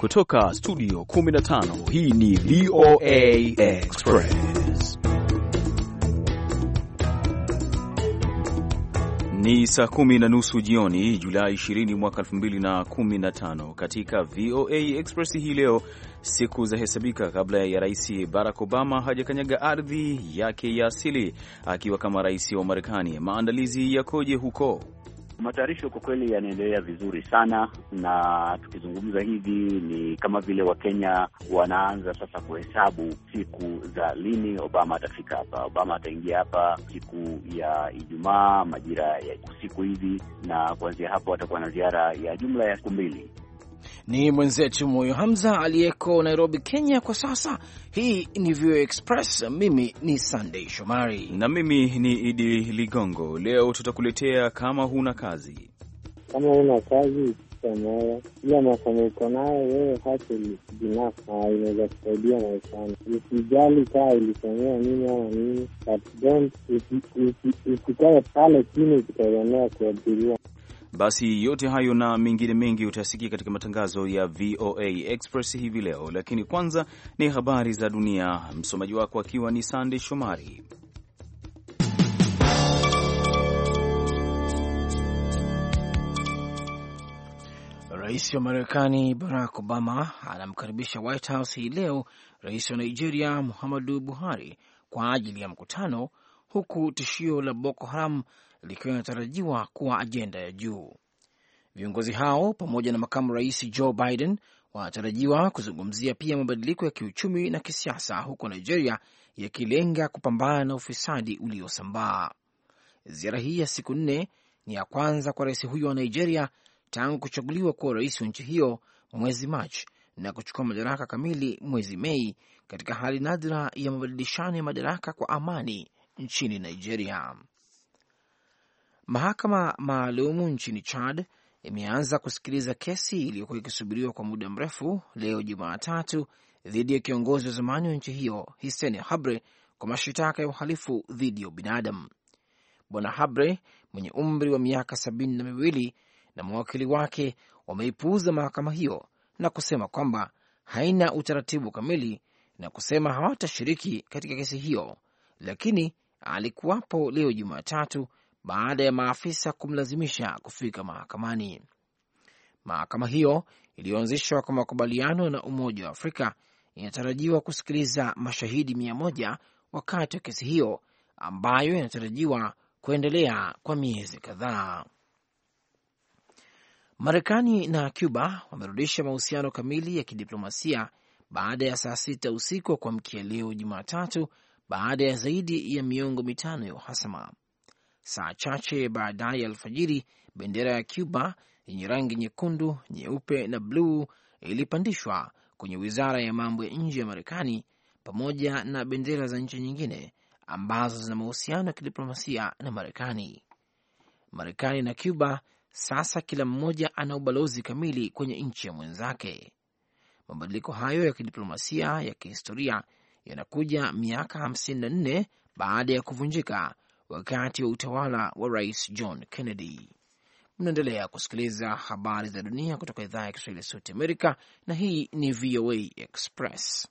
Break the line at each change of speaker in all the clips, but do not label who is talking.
Kutoka studio 15 hii ni VOA Express. Ni saa kumi na nusu jioni Julai 20 mwaka 2015. Katika VOA Express hii leo, siku zahesabika kabla ya Rais Barack Obama hajakanyaga ardhi yake ya asili akiwa kama rais wa Marekani. Maandalizi yakoje huko?
Matayarisho kwa kweli yanaendelea vizuri sana, na tukizungumza hivi ni kama vile Wakenya wanaanza sasa kuhesabu siku za lini Obama atafika hapa. Obama ataingia hapa siku ya Ijumaa majira ya usiku hivi, na kuanzia hapo atakuwa na ziara ya jumla ya siku mbili.
Ni mwenzetu Moyo Hamza aliyeko Nairobi, Kenya kwa sasa. Hii ni VOA Express. Mimi ni Sandey Shomari
na mimi ni Idi Ligongo. Leo tutakuletea kama huna kazi,
kama huna kazi nayo ila masomo iko nayo wewe hata binafsi ah, inaweza kusaidia maishani. Usijali kaa ilisomea nini ama nini, but don't usikae pale chini ukitegemea kuajiriwa.
Basi yote hayo na mengine mengi utasikia katika matangazo ya VOA Express hivi leo, lakini kwanza ni habari za dunia, msomaji wako akiwa ni Sandey Shomari.
Rais wa Marekani Barack Obama anamkaribisha White House hii leo rais wa Nigeria Muhammadu Buhari kwa ajili ya mkutano, huku tishio la Boko Haram likiwa linatarajiwa kuwa ajenda ya juu. Viongozi hao pamoja na makamu rais Joe Biden wanatarajiwa kuzungumzia pia mabadiliko ya kiuchumi na kisiasa huko Nigeria, yakilenga kupambana na ufisadi uliosambaa. Ziara hii ya siku nne ni ya kwanza kwa rais huyo wa Nigeria tangu kuchaguliwa kuwa rais wa nchi hiyo mwezi Machi na kuchukua madaraka kamili mwezi Mei, katika hali nadra ya mabadilishano ya madaraka kwa amani nchini Nigeria. Mahakama maalumu nchini Chad imeanza kusikiliza kesi iliyokuwa ikisubiriwa kwa muda mrefu leo Jumatatu dhidi ya kiongozi wa zamani wa nchi hiyo Hisen Habre kwa mashitaka ya uhalifu dhidi ya ubinadamu. Bwana Habre mwenye umri wa miaka sabini na miwili na mawakili wake wameipuuza mahakama hiyo na kusema kwamba haina utaratibu kamili na kusema hawatashiriki katika kesi hiyo, lakini alikuwapo leo Jumatatu baada ya maafisa kumlazimisha kufika mahakamani. Mahakama hiyo iliyoanzishwa kwa makubaliano na Umoja wa Afrika inatarajiwa kusikiliza mashahidi mia moja wakati wa kesi hiyo ambayo inatarajiwa kuendelea kwa miezi kadhaa. Marekani na Cuba wamerudisha mahusiano kamili ya kidiplomasia baada ya saa sita usiku wa kuamkia leo Jumatatu, baada ya zaidi ya miongo mitano ya uhasama. Saa chache baadaye ya alfajiri, bendera ya Cuba yenye rangi nyekundu, nyeupe na bluu ilipandishwa kwenye wizara ya mambo ya nje ya Marekani pamoja na bendera za nchi nyingine ambazo zina mahusiano ya kidiplomasia na Marekani. Marekani na Cuba sasa kila mmoja ana ubalozi kamili kwenye nchi ya mwenzake. Mabadiliko hayo ya kidiplomasia ya kihistoria yanakuja miaka 54 baada ya kuvunjika wakati wa utawala wa Rais John Kennedy. Mnaendelea kusikiliza habari za dunia kutoka idhaa ya Kiswahili ya Sauti Amerika, na hii ni VOA Express.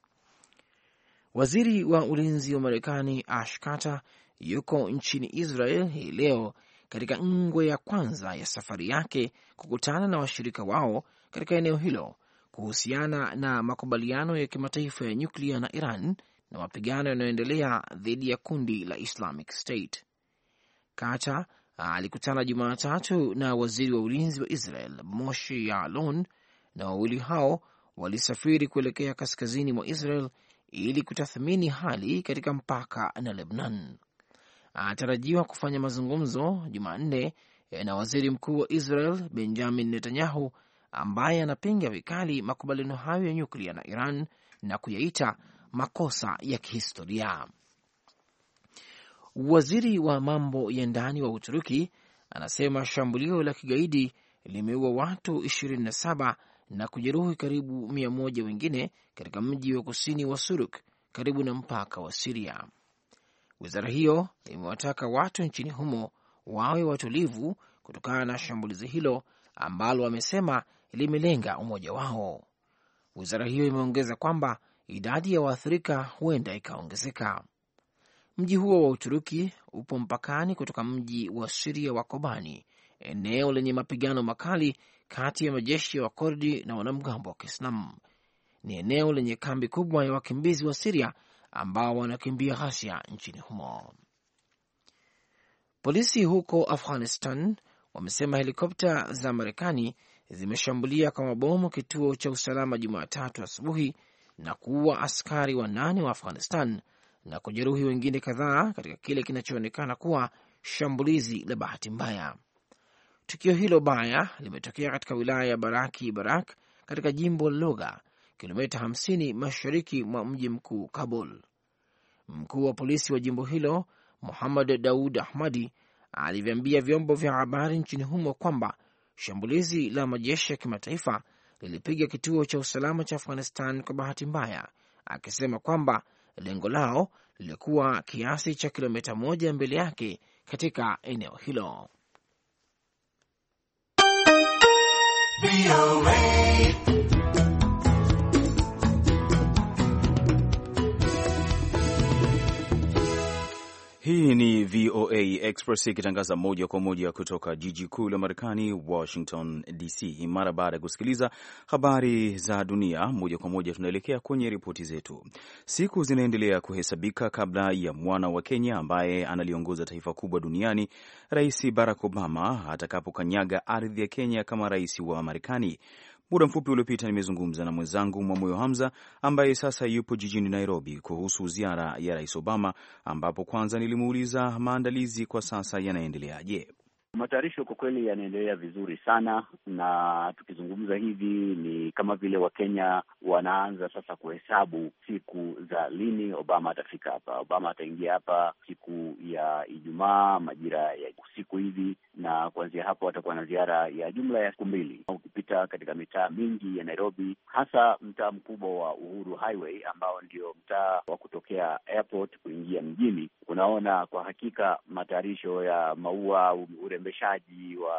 Waziri wa ulinzi wa Marekani Ash Carter yuko nchini Israel hii leo katika ngwe ya kwanza ya safari yake kukutana na washirika wao katika eneo hilo kuhusiana na makubaliano ya kimataifa ya nyuklia na Iran na mapigano yanayoendelea dhidi ya kundi la Islamic State kata ah, alikutana Jumatatu na waziri wa ulinzi wa Israel Moshe Yaalon, na wawili hao walisafiri kuelekea kaskazini mwa Israel ili kutathmini hali katika mpaka na Lebanon. Anatarajiwa kufanya mazungumzo Jumanne eh, na waziri mkuu wa Israel Benjamin Netanyahu, ambaye anapinga vikali makubaliano hayo ya nyuklia na Iran na kuyaita makosa ya kihistoria. Waziri wa mambo ya ndani wa Uturuki anasema shambulio la kigaidi limeua watu 27 na kujeruhi karibu mia moja wengine katika mji wa kusini wa Suruk karibu na mpaka wa Siria. Wizara hiyo imewataka watu nchini humo wawe watulivu kutokana na shambulizi hilo ambalo wamesema limelenga umoja wao. Wizara hiyo imeongeza kwamba idadi ya waathirika huenda ikaongezeka. Mji huo wa Uturuki upo mpakani kutoka mji wa Siria wa Kobani, eneo lenye mapigano makali kati ya majeshi ya Wakordi na wanamgambo wa Kiislamu. Ni eneo lenye kambi kubwa ya wakimbizi wa Siria ambao wanakimbia ghasia nchini humo. Polisi huko Afghanistan wamesema helikopta za Marekani zimeshambulia kwa mabomu kituo cha usalama Jumatatu asubuhi na kuua askari wanane wa Afghanistan na kujeruhi wengine kadhaa katika kile kinachoonekana kuwa shambulizi la bahati mbaya. Tukio hilo baya limetokea katika wilaya ya Baraki Barak katika jimbo la Loga, kilomita 50 mashariki mwa mji mkuu Kabul. Mkuu wa polisi wa jimbo hilo Muhammad Daud Ahmadi alivyambia vyombo vya habari nchini humo kwamba shambulizi la majeshi ya kimataifa lilipiga kituo cha usalama cha Afghanistan kwa bahati mbaya, akisema kwamba lengo lao lilikuwa kiasi cha kilomita moja mbele yake katika eneo hilo.
Hii ni VOA Express ikitangaza moja kwa moja kutoka jiji kuu la Marekani, Washington DC. Mara baada ya kusikiliza habari za dunia moja kwa moja, tunaelekea kwenye ripoti zetu. Siku zinaendelea kuhesabika kabla ya mwana wa Kenya ambaye analiongoza taifa kubwa duniani, Rais Barack Obama, atakapokanyaga ardhi ya Kenya kama rais wa Marekani. Muda mfupi uliopita nimezungumza na mwenzangu Mwamoyo Hamza ambaye sasa yupo jijini Nairobi kuhusu ziara ya Rais Obama, ambapo kwanza nilimuuliza maandalizi kwa sasa yanaendeleaje.
Matayarisho kwa kweli yanaendelea vizuri sana, na tukizungumza hivi ni kama vile Wakenya wanaanza sasa kuhesabu siku za lini Obama atafika hapa. Obama ataingia hapa siku ya Ijumaa majira ya usiku hivi, na kuanzia hapo atakuwa na ziara ya jumla ya siku mbili. Ukipita katika mitaa mingi ya Nairobi, hasa mtaa mkubwa wa Uhuru Highway ambao ndio mtaa wa kutokea airport kuingia mjini, unaona kwa hakika matayarisho ya maua ure urembeshaji wa,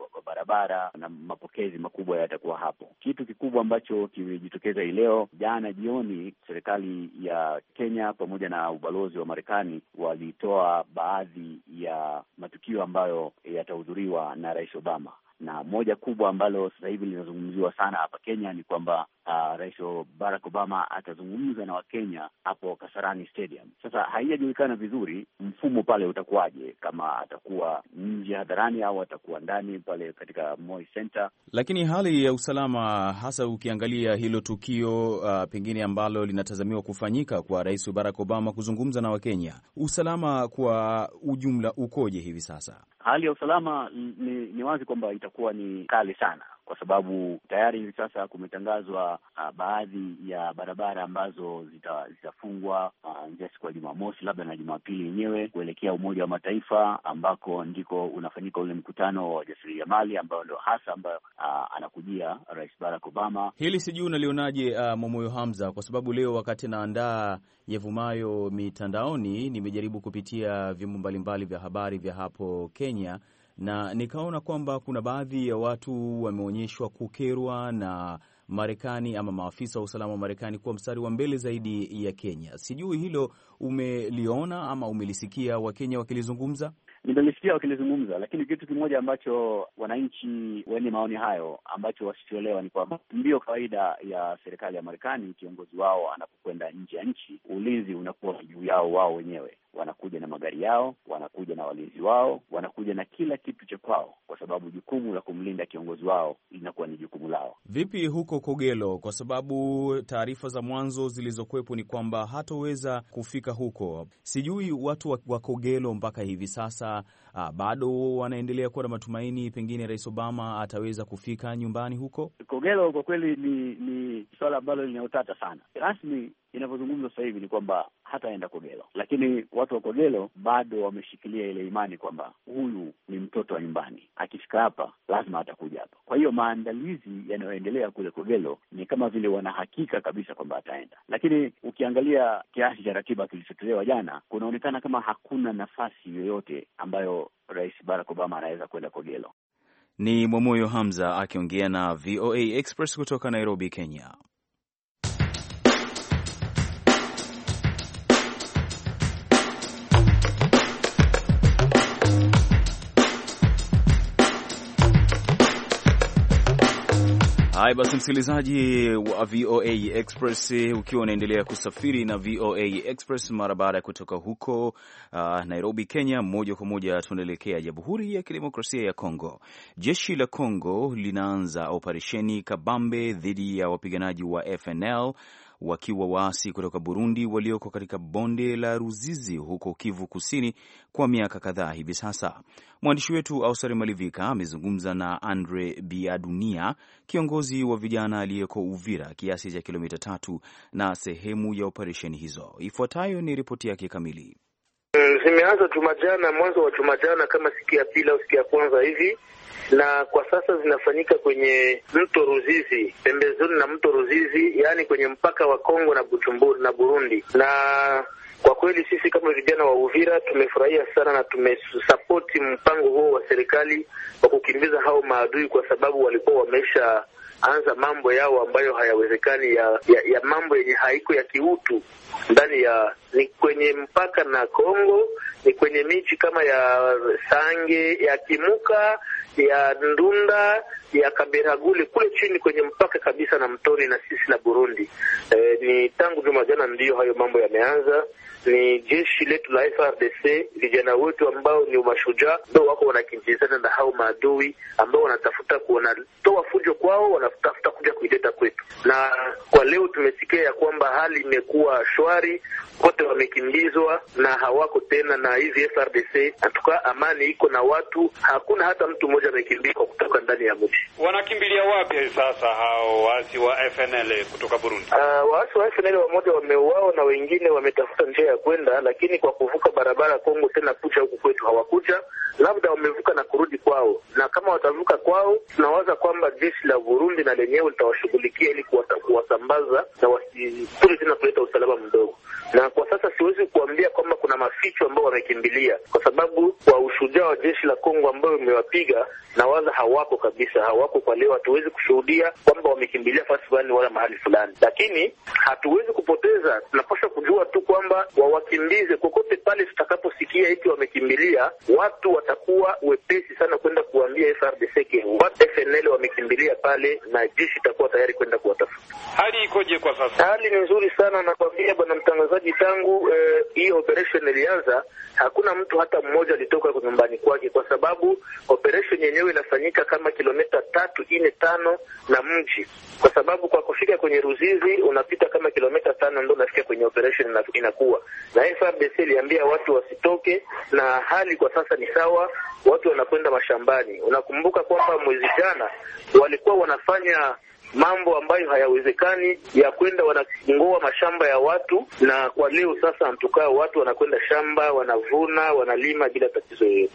wa, wa barabara na mapokezi makubwa yatakuwa hapo. Kitu kikubwa ambacho kimejitokeza hii leo, jana jioni, serikali ya Kenya pamoja na ubalozi wa Marekani walitoa baadhi ya matukio ambayo yatahudhuriwa na Rais Obama na moja kubwa ambalo sasa hivi linazungumziwa sana hapa Kenya ni kwamba uh, Rais Barack Obama atazungumza na Wakenya hapo Kasarani Stadium. Sasa haijajulikana vizuri mfumo pale utakuwaje, kama atakuwa nje hadharani au atakuwa ndani pale katika Moi Center.
Lakini hali ya usalama, hasa ukiangalia hilo tukio uh, pengine ambalo linatazamiwa kufanyika kwa Rais Barack Obama kuzungumza na Wakenya, usalama kwa ujumla ukoje hivi sasa?
Hali ya usalama ni, ni wazi kwamba itakuwa ni kali sana kwa sababu tayari hivi sasa kumetangazwa uh, baadhi ya barabara ambazo zitafungwa zita uh, njia siku ya Jumamosi labda na Jumapili yenyewe kuelekea Umoja wa Mataifa ambako ndiko unafanyika ule mkutano wa wajasiriamali ambayo ndio hasa ambayo uh, anakujia Rais Barack Obama.
Hili sijui unalionaje, uh, ah, Mwamoyo Hamza, kwa sababu leo wakati naandaa yavumayo mitandaoni nimejaribu kupitia vyombo mbalimbali vya habari vya hapo Kenya na nikaona kwamba kuna baadhi ya watu wameonyeshwa kukerwa na Marekani ama maafisa wa usalama wa Marekani kuwa mstari wa mbele zaidi ya Kenya. Sijui hilo umeliona ama umelisikia Wakenya wakilizungumza?
Nimelisikia wakilizungumza, lakini kitu kimoja ambacho wananchi wenye maoni hayo ambacho wasichoelewa ni kwamba ndiyo kawaida ya serikali ya Marekani, kiongozi wao anapokwenda nje ya nchi, ulinzi unakuwa juu yao wao wenyewe wanakuja na magari yao, wanakuja na walinzi wao, wanakuja na kila kitu cha kwao, kwa sababu jukumu la kumlinda kiongozi wao linakuwa ni jukumu lao.
Vipi huko Kogelo? Kwa sababu taarifa za mwanzo zilizokuwepo ni kwamba hatoweza kufika huko. Sijui watu wa Kogelo mpaka hivi sasa a, ah, bado wanaendelea kuwa na matumaini, pengine Rais Obama ataweza kufika nyumbani huko
Kogelo. Kwa kweli ni, ni suala ambalo linaotata sana. Rasmi inavyozungumzwa sasa hivi ni kwamba hataenda Kogelo, lakini watu wa Kogelo bado wameshikilia ile imani kwamba huyu ni mtoto wa nyumbani, akifika hapa lazima atakuja hapa. Kwa hiyo maandalizi yanayoendelea kule Kogelo ni kama vile wanahakika kabisa kwamba ataenda, lakini ukiangalia kiasi cha ratiba kilichotolewa jana, kunaonekana kama hakuna nafasi yoyote ambayo Rais Barack Obama anaweza kwenda Kogelo.
Ni Mwamoyo Hamza akiongea na VOA Express kutoka Nairobi, Kenya. Haya basi, msikilizaji wa VOA Express, ukiwa unaendelea kusafiri na VOA Express mara baada ya kutoka huko uh, Nairobi, Kenya, moja kwa moja tunaelekea Jamhuri ya Kidemokrasia ya Kongo. Jeshi la Kongo linaanza operesheni kabambe dhidi ya wapiganaji wa FNL wakiwa waasi kutoka Burundi walioko katika bonde la Ruzizi huko Kivu Kusini kwa miaka kadhaa hivi sasa. Mwandishi wetu Ausari Malivika amezungumza na Andre Biadunia, kiongozi wa vijana aliyeko Uvira, kiasi cha kilomita tatu na sehemu ya operesheni hizo. Ifuatayo ni ripoti yake kamili.
Eh, zimeanza jumajana, mwanzo wa jumajana, kama siku ya pili au siku ya kwanza hivi, na kwa sasa zinafanyika kwenye mto Ruzizi, pembezoni na mto Ruzizi, yaani kwenye mpaka wa Kongo na Bujumbura na Burundi na kwa kweli sisi kama vijana wa Uvira tumefurahia sana na tumesapoti mpango huo wa serikali wa kukimbiza hao maadui, kwa sababu walikuwa wamesha anza mambo yao ambayo hayawezekani ya, ya, ya mambo yenye haiko ya kiutu ndani ya ni kwenye mpaka na Kongo, ni kwenye miji kama ya Sange, ya Kimuka, ya Ndunda, ya Kaberagule kule chini kwenye mpaka kabisa na Mtoni na sisi na Burundi. E, ni tangu juma jana ndiyo hayo mambo yameanza ni jeshi letu la FRDC, vijana wetu ambao ni mashujaa ndio wako wanakimbizana na hao maadui ambao wanatafuta wanatoa fujo kwao, wanatafuta kuja kuileta kwetu. Na kwa leo tumesikia ya kwamba hali imekuwa shwari, wote wamekimbizwa na hawako tena na hizi FRDC. atuka amani iko na watu, hakuna hata mtu mmoja amekimbia kutoka ndani ya mji.
Wanakimbilia wapi sasa hao waasi wa FNL kutoka Burundi? Uh, waasi
wa FNL wamoja wameuawa na wengine wametafuta njia ya kwenda, lakini kwa kuvuka barabara Kongo tena kucha huku kwetu hawakuja, labda wamevuka na kurudi kwao. Na kama watavuka kwao, tunawaza kwamba jeshi la Burundi na lenyewe litawashughulikia ili kuwasambaza na wasikuli tena kuleta usalama mdogo. Na kwa sasa siwezi kuambia kwamba kuna maficho ambao wamekimbilia, kwa sababu wa ushujaa wa jeshi la Kongo ambayo imewapiga na waza hawako kabisa, hawako kwa leo. Hatuwezi kushuhudia kwamba wamekimbilia fasi fulani wala mahali fulani, lakini hatuwezi kupoteza. Tunapaswa kujua tu kwamba wawakimbize kokote pale. Tutakaposikia eti wamekimbilia, watu watakuwa wepesi sana kwenda kuambia FRDC FNL wamekimbilia pale, na jeshi itakuwa tayari kwenda kuwatafuta.
Hali ikoje kwa sasa?
Hali ni nzuri sana, nakwambia bwana mtangazaji, tangu hiyo eh, operation operation ilianza, hakuna mtu hata mmoja alitoka nyumbani kwake, kwa sababu operation yenyewe inafanyika kama kilomita tatu ine tano na mji, kwa sababu kwa kufika kwenye Ruzizi unapita kama kilomita tano ndo unafika kwenye operation inakuwa na fbc iliambia watu wasitoke, na hali kwa sasa ni sawa, watu wanakwenda mashambani. Unakumbuka kwamba mwezi jana walikuwa wanafanya mambo ambayo hayawezekani ya kwenda wanangoa mashamba ya watu, na kwa leo sasa, mtukao watu wanakwenda shamba, wanavuna, wanalima bila tatizo yoyote.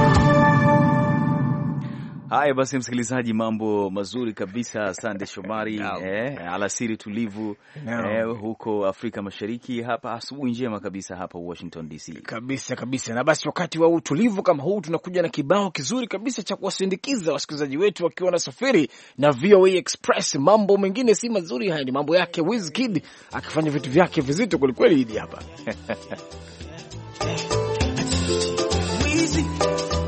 Haya basi, msikilizaji, mambo mazuri kabisa. Sande Shomari Eh, alasiri tulivu Eh, huko Afrika Mashariki, hapa asubuhi njema kabisa hapa Washington DC, kabisa kabisa. Na basi wakati wa
utulivu kama huu tunakuja na kibao kizuri kabisa cha kuwasindikiza wasikilizaji wetu wakiwa wanasafiri na VOA e Express. Mambo mengine si mazuri, haya ni mambo yake Wizkid akifanya vitu vyake vizito kwelikweli hidi hapa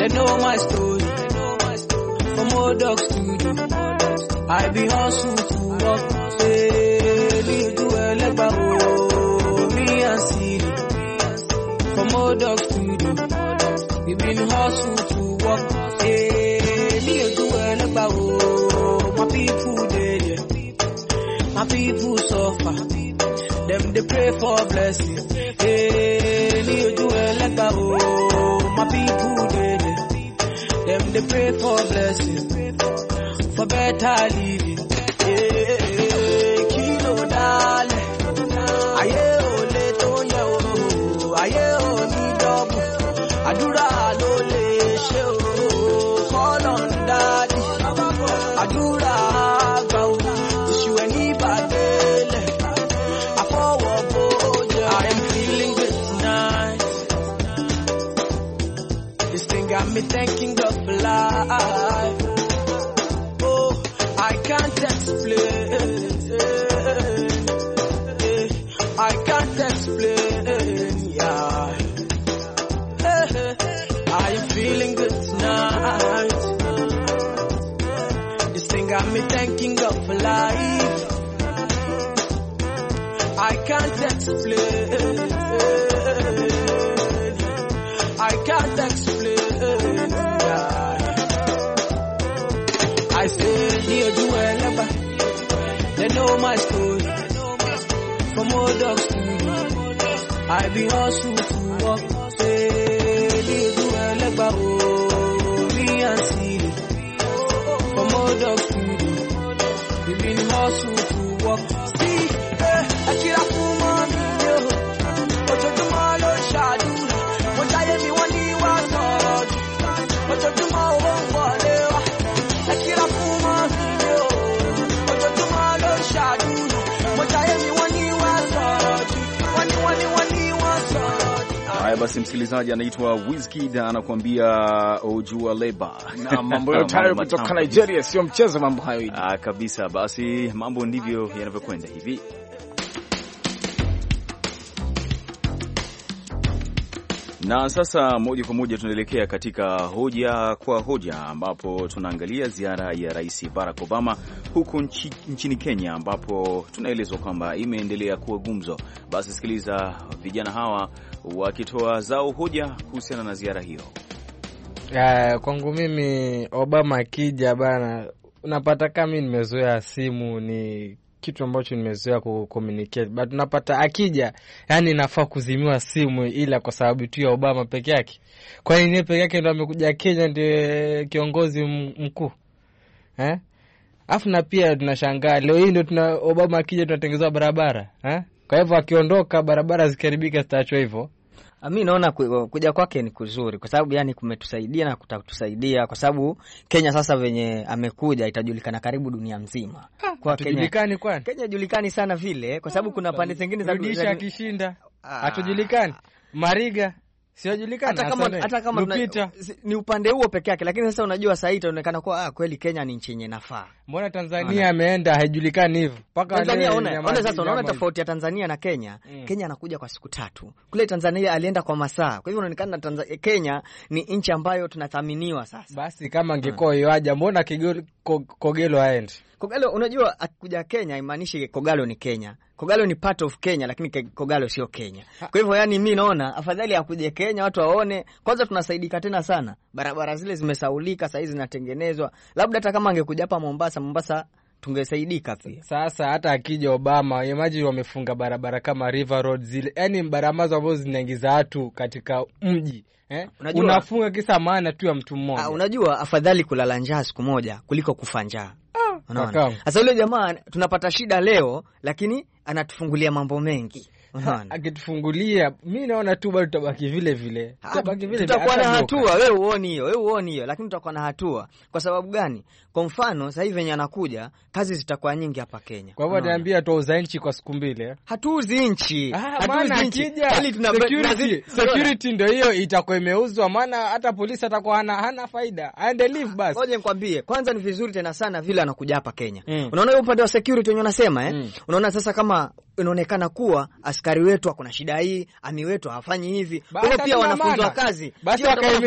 They know my story. For more dogs to do, I be hustling to work. Daily to Eleba. Me and Siri. For more dogs to do, We been hustling to work. Daily to Eleba. My people there. My people suffer. Them they pray for blessings. Hey, me do elegba, oh, my people. They pray for blessings, for better living. Yeah, kilo dale, aye le to ye o, aye o ni double, adura. know my story. From old dogs to me, I be also to walk. Say, do a legba, me and see. From old dogs to me, we been hustle to walk.
Haya basi, msikilizaji, anaitwa Wizkid anakuambia ojua leba na mambo yote hayo kutoka Nigeria, sio mchezo mambo hayo ah, kabisa. Basi mambo ndivyo yanavyokwenda hivi. Na sasa moja kwa moja tunaelekea katika hoja kwa hoja, ambapo tunaangalia ziara ya Rais Barack Obama huko nchi, nchini Kenya, ambapo tunaelezwa kwamba imeendelea kuwa gumzo. Basi sikiliza vijana hawa wakitoa zao hoja kuhusiana na ziara hiyo.
Uh, kwangu mimi Obama akija bana, unapata kama nimezoea simu ni kitu ambacho nimezoea kucommunicate but napata akija, yani nafaa kuzimiwa simu, ila kwa sababu tu ya Obama peke yake. Kwani yeye peke yake ndo amekuja Kenya, ndio kiongozi mkuu eh? Afu na pia tunashangaa leo hii ndo tuna Obama akija tunatengezewa barabara eh? Kwa hivyo akiondoka
barabara zikiharibika zitaachwa hivyo Ah, mi naona kuja kwake ni kuzuri kwa sababu yani kumetusaidia na kutatusaidia kwa sababu Kenya sasa venye amekuja itajulikana karibu dunia mzima. Kwa Kenya, kwani Kenya julikani sana vile kwa sababu ah, kuna pande zingine za rudisha akishinda ah. hatujulikani Mariga hata kama, ni upande huo peke yake, lakini sasa unajua sasa itaonekana kuwa ah, kweli Kenya ni nchi yenye nafaa
Mbona Tanzania ameenda haijulikani hivyo mpaka Tanzania. Ona ona sasa, unaona tofauti
ya Tanzania na Kenya mm. Kenya anakuja kwa siku tatu, kule Tanzania alienda kwa masaa. Kwa hivyo unaonekana Tanzania, Kenya ni nchi ambayo tunathaminiwa sasa. Basi
kama mm. angekuwa mm. yoaja, mbona Kogelo aende
Kogalo? Unajua akikuja Kenya imaanishi Kogalo ni Kenya Kogalo ni part of Kenya lakini Kogalo sio Kenya. Kwa hivyo yani, mimi naona afadhali akuje Kenya watu waone kwanza, tunasaidika tena sana, barabara zile zimesaulika, sasa hizi zinatengenezwa. Labda hata kama angekuja hapa Mombasa Mombasa, Mombasa
tungesaidika pia. Sasa hata akija Obama, imagine wamefunga barabara kama River Road zile, yani baramazo ambazo zinaingiza watu katika mji eh? Unafunga kisa
maana tu ya mtu mmoja. Ah, unajua, afadhali kulala njaa siku moja kuliko kufa njaa. Ah, Sasa yule jamaa tunapata shida leo, lakini anatufungulia mambo mengi
akitufungulia,
mi naona tu bado tutabaki vile vile, tutakuwa na hatua. We uoni hiyo, we uoni hiyo, lakini tutakuwa na hatua. Kwa sababu gani? Kwa mfano sasa hivi venye anakuja, kazi zitakuwa nyingi hapa Kenya. Kwa hivyo ataambia tuauza nchi kwa siku mbili, eh? hatuuzi nchi, ah,
hatuuzi nchi, yaani security ndio hiyo itakuwa imeuzwa, maana hata polisi
atakuwa hana, hana faida, aende leave basi. Ngoja nikwambie, kwanza ni vizuri tena sana vile anakuja hapa Kenya. mm. Unaona upande wa security wenye unasema eh, mm. unaona sasa kama inaonekana kuwa askari wetu na shida hii, ami wetu hawafanyi hivi. Kwa hiyo pia wanafunzwa kazi, basi wakae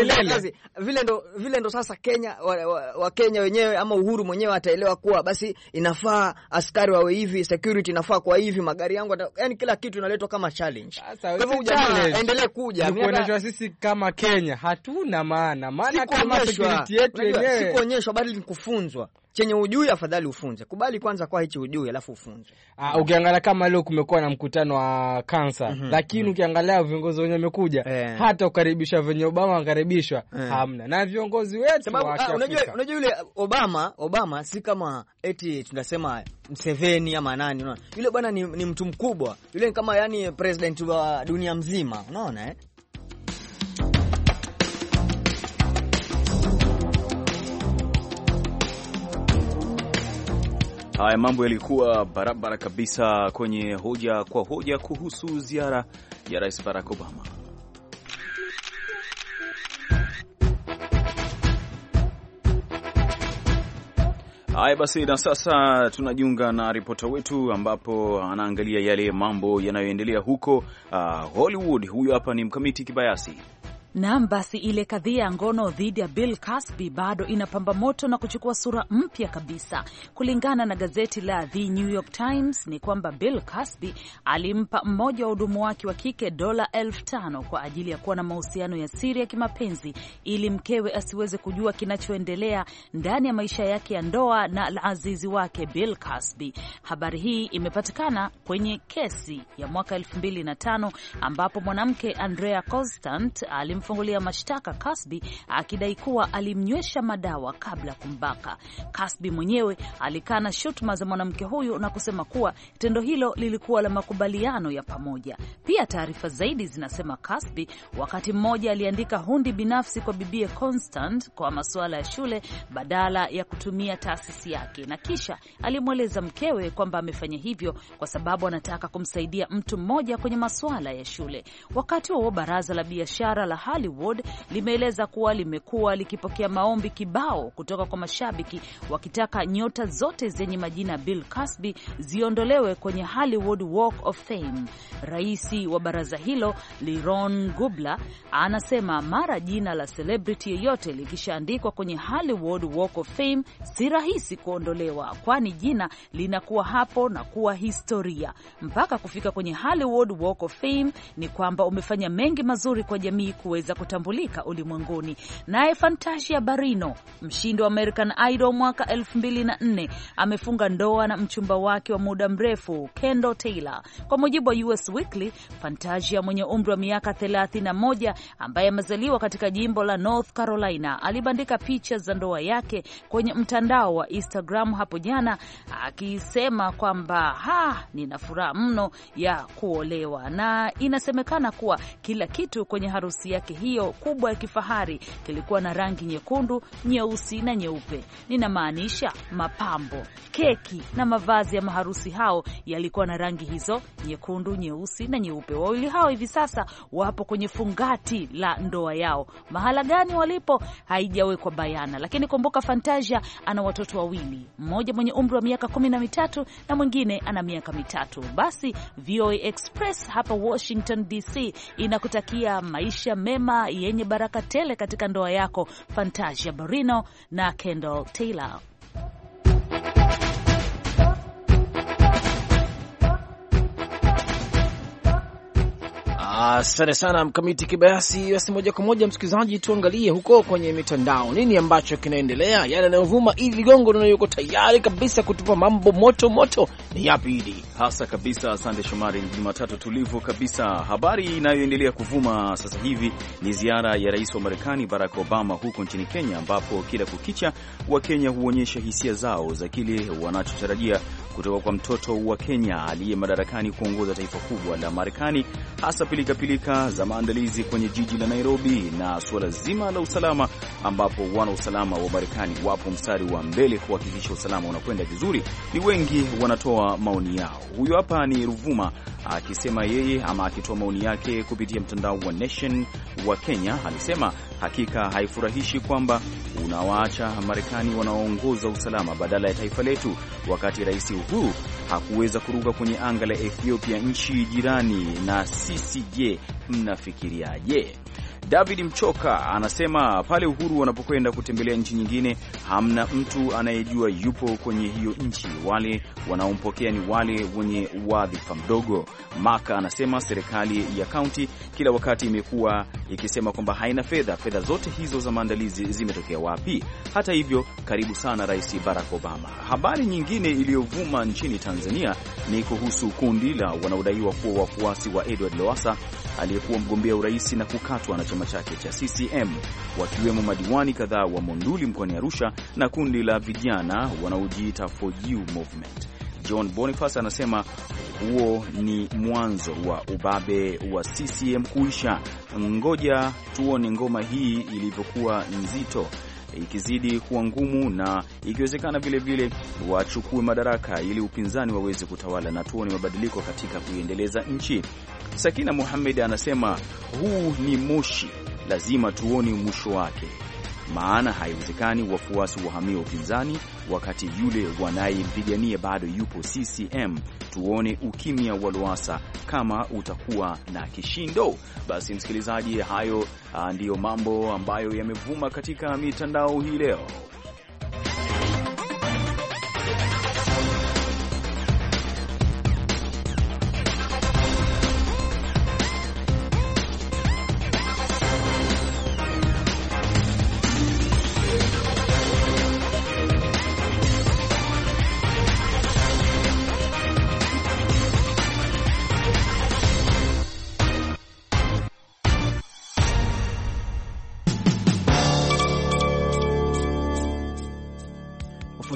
vile ndo vile ndo sasa Kenya wa, wa, wa Kenya wenyewe ama Uhuru mwenyewe ataelewa kuwa basi inafaa askari wawe hivi, security inafaa kwa hivi, magari yangu, yani kila kitu inaletwa kama challenge. Kwa hivyo jamaa endelee kuja kuonyeshwa
sisi kama Kenya hatuna maana
maana kama security yetu yenyewe, sikuonyeshwa, bali ni kufunzwa chenye ujui afadhali ufunze. Kubali kwanza kwa hichi ujui alafu ufunze. Ah,
ukiangalia kama leo kumekuwa na mkutano wa kansa mm -hmm, lakini mm -hmm, ukiangalia viongozi wenye wamekuja yeah, hata ukaribisha venye Obama akaribishwa yeah, hamna.
Na viongozi wetu sababu ah, unajua unajua yule Obama Obama si kama eti tunasema Mseveni ama nani, unaona yule bwana ni, ni mtu mkubwa yule, kama yani president wa dunia mzima, unaona eh
Haya mambo yalikuwa barabara kabisa kwenye hoja kwa hoja kuhusu ziara ya Rais Barack Obama. Haya basi, na sasa tunajiunga na ripota wetu ambapo anaangalia yale mambo yanayoendelea huko uh, Hollywood. Huyu hapa ni Mkamiti Kibayasi.
Naam, basi ile kadhia ya ngono dhidi ya Bill Cosby bado inapamba moto na kuchukua sura mpya kabisa. Kulingana na gazeti la The New York Times ni kwamba Bill Cosby alimpa mmoja wa hudumu wake wa kike dola elfu tano kwa ajili ya kuwa na mahusiano ya siri ya kimapenzi ili mkewe asiweze kujua kinachoendelea ndani ya maisha yake ya ndoa na azizi wake Bill Cosby. Habari hii imepatikana kwenye kesi ya mwaka 2005 ambapo mwanamke Andrea Constant kumfungulia mashtaka Kasbi akidai kuwa alimnywesha madawa kabla ya kumbaka. Kasbi mwenyewe alikana shutuma za mwanamke huyu na kusema kuwa tendo hilo lilikuwa la makubaliano ya pamoja. Pia taarifa zaidi zinasema Kasbi wakati mmoja aliandika hundi binafsi kwa bibie Constant kwa masuala ya shule badala ya kutumia taasisi yake, na kisha alimweleza mkewe kwamba amefanya hivyo kwa sababu anataka kumsaidia mtu mmoja kwenye masuala ya shule. Wakati huo baraza la biashara la Hollywood limeeleza kuwa limekuwa likipokea maombi kibao kutoka kwa mashabiki wakitaka nyota zote zenye majina Bill Cosby ziondolewe kwenye Hollywood Walk of Fame. Rais wa baraza hilo Liron Gubler anasema mara jina la celebrity yeyote likishaandikwa kwenye Hollywood Walk of Fame si rahisi kuondolewa, kwani jina linakuwa hapo na kuwa historia. Mpaka kufika kwenye Hollywood Walk of Fame ni kwamba umefanya mengi mazuri kwa jamii kuweza kuweza kutambulika ulimwenguni. Naye Fantasia Barino, mshindi wa American Idol mwaka 2004, amefunga ndoa na mchumba wake wa muda mrefu Kendo Taylor. Kwa mujibu wa US Weekly, Fantasia mwenye umri wa miaka 31 ambaye amezaliwa katika jimbo la North Carolina alibandika picha za ndoa yake kwenye mtandao wa Instagram hapo jana akisema kwamba ha, nina furaha mno ya kuolewa na inasemekana kuwa kila kitu kwenye harusi yake yake hiyo kubwa ya kifahari kilikuwa na rangi nyekundu, nyeusi na nyeupe, ninamaanisha mapambo, keki na mavazi ya maharusi hao yalikuwa na rangi hizo nyekundu, nyeusi na nyeupe. Wawili hao hivi sasa wapo kwenye fungati la ndoa yao, mahala gani walipo haijawekwa bayana, lakini kumbuka, Fantasia ana watoto wawili, mmoja mwenye umri wa miaka kumi na mitatu na mwingine ana miaka mitatu. Basi VOA Express hapa Washington DC inakutakia maisha mema njema yenye baraka tele katika ndoa yako, Fantasia Barrino na Kendall Taylor.
Asante sana mkamiti kibayasi. Basi moja kwa moja, msikilizaji, tuangalie huko kwenye mitandao nini ambacho kinaendelea, yale yanayovuma. ili Ligongo nayo yuko tayari kabisa kutupa mambo moto moto,
ni yapi hili hasa kabisa? Asante Shomari, Jumatatu tulivu kabisa. Habari inayoendelea kuvuma sasa hivi ni ziara ya rais wa Marekani Barack Obama huko nchini Kenya, ambapo kila kukicha Wakenya huonyesha hisia zao za kile wanachotarajia kutoka kwa mtoto wa Kenya aliye madarakani kuongoza taifa kubwa la Marekani, hasa pilika pilika za maandalizi kwenye jiji la Nairobi na suala zima la usalama, ambapo wana usalama wa Marekani wapo mstari wa mbele kuhakikisha usalama unakwenda vizuri. Ni wengi wanatoa maoni yao. Huyu hapa ni Ruvuma akisema yeye ama akitoa maoni yake kupitia mtandao wa Nation wa Kenya. Alisema hakika haifurahishi kwamba unawaacha Marekani wanaoongoza usalama badala ya taifa letu, wakati Rais Uhuru hakuweza kuruka kwenye anga la Ethiopia, nchi jirani na sisi. Je, mnafikiriaje? David Mchoka anasema pale uhuru wanapokwenda kutembelea nchi nyingine, hamna mtu anayejua yupo kwenye hiyo nchi. Wale wanaompokea ni wale wenye wadhifa mdogo. Maka anasema serikali ya kaunti kila wakati imekuwa ikisema kwamba haina fedha. Fedha zote hizo za maandalizi zimetokea wapi? Hata hivyo, karibu sana Rais Barack Obama. Habari nyingine iliyovuma nchini Tanzania ni kuhusu kundi la wanaodaiwa kuwa wafuasi wa Edward Lowassa aliyekuwa mgombea urais na kukatwa na chama chake cha CCM, wakiwemo madiwani kadhaa wa Monduli mkoani Arusha na kundi la vijana wanaojiita For You Movement. John Boniface anasema huo ni mwanzo wa ubabe wa CCM kuisha. Ngoja tuone ngoma hii ilivyokuwa nzito ikizidi kuwa ngumu na ikiwezekana vilevile wachukue madaraka ili upinzani waweze kutawala na tuone mabadiliko katika kuiendeleza nchi. Sakina Muhamed anasema huu ni moshi, lazima tuone mwisho wake maana haiwezekani wafuasi wahamia upinzani wakati yule wanayempigania bado yupo CCM. Tuone ukimya wa Lowassa kama utakuwa na kishindo. Basi msikilizaji, hayo ah, ndiyo mambo ambayo yamevuma katika mitandao hii leo.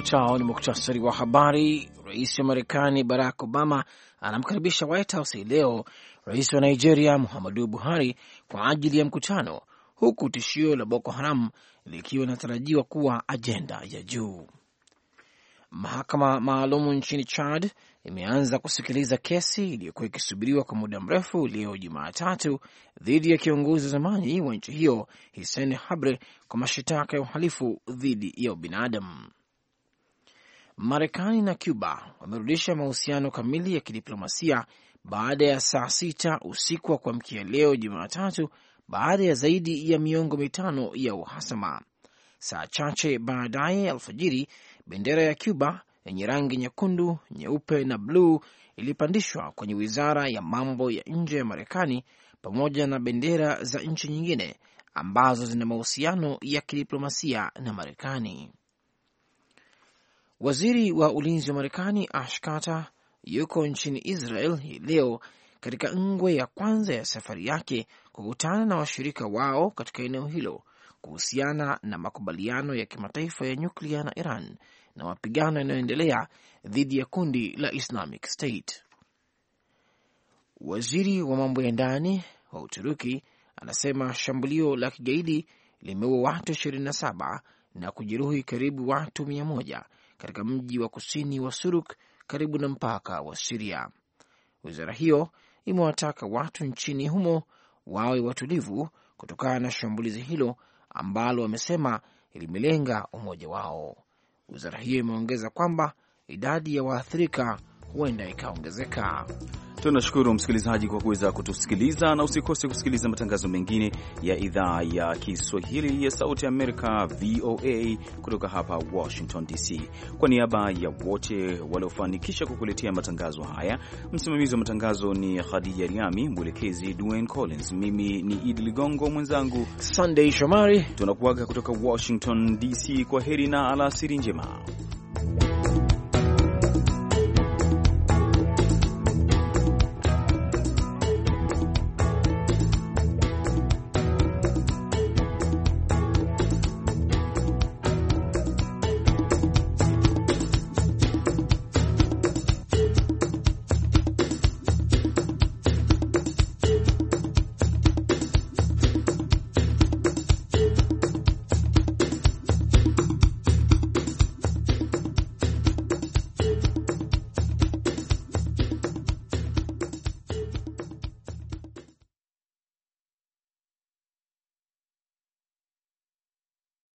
ufuatao ni muktasari wa habari. Rais wa Marekani Barack Obama anamkaribisha White House leo rais wa Nigeria Muhammadu Buhari kwa ajili ya mkutano, huku tishio la Boko Haram likiwa linatarajiwa kuwa ajenda ya juu. Mahakama maalum nchini Chad imeanza kusikiliza kesi iliyokuwa ikisubiriwa kwa muda mrefu leo Jumatatu dhidi ya kiongozi wa zamani wa nchi hiyo Hisen Habre kwa mashitaka ya uhalifu dhidi ya ubinadamu. Marekani na Cuba wamerudisha mahusiano kamili ya kidiplomasia baada ya saa sita usiku wa kuamkia leo Jumatatu, baada ya zaidi ya miongo mitano ya uhasama. Saa chache baadaye alfajiri, bendera ya Cuba yenye rangi nyekundu, nyeupe na bluu ilipandishwa kwenye wizara ya mambo ya nje ya Marekani pamoja na bendera za nchi nyingine ambazo zina mahusiano ya kidiplomasia na Marekani. Waziri wa ulinzi wa Marekani Ash Carter yuko nchini Israel hii leo katika ngwe ya kwanza ya safari yake kukutana na washirika wao katika eneo hilo kuhusiana na makubaliano ya kimataifa ya nyuklia na Iran na mapigano yanayoendelea dhidi ya kundi la Islamic State. Waziri wa mambo ya ndani wa Uturuki anasema shambulio la kigaidi limeua watu 27 na kujeruhi karibu watu mia moja katika mji wa kusini wa Suruk karibu na mpaka wa Siria. Wizara hiyo imewataka watu nchini humo wawe watulivu kutokana na shambulizi hilo ambalo wamesema limelenga umoja wao. Wizara hiyo imeongeza kwamba idadi ya waathirika huenda ikaongezeka.
Tunashukuru msikilizaji kwa kuweza kutusikiliza na usikose kusikiliza matangazo mengine ya idhaa ya Kiswahili ya Sauti ya Amerika, VOA, kutoka hapa Washington DC. Kwa niaba ya wote waliofanikisha kukuletea matangazo haya, msimamizi wa matangazo ni Khadija Riami, mwelekezi Dwayne Collins, mimi ni Idi Ligongo, mwenzangu Sunday Shomari. Tunakuaga kutoka Washington DC. Kwa heri na alasiri njema.